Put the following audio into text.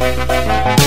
Música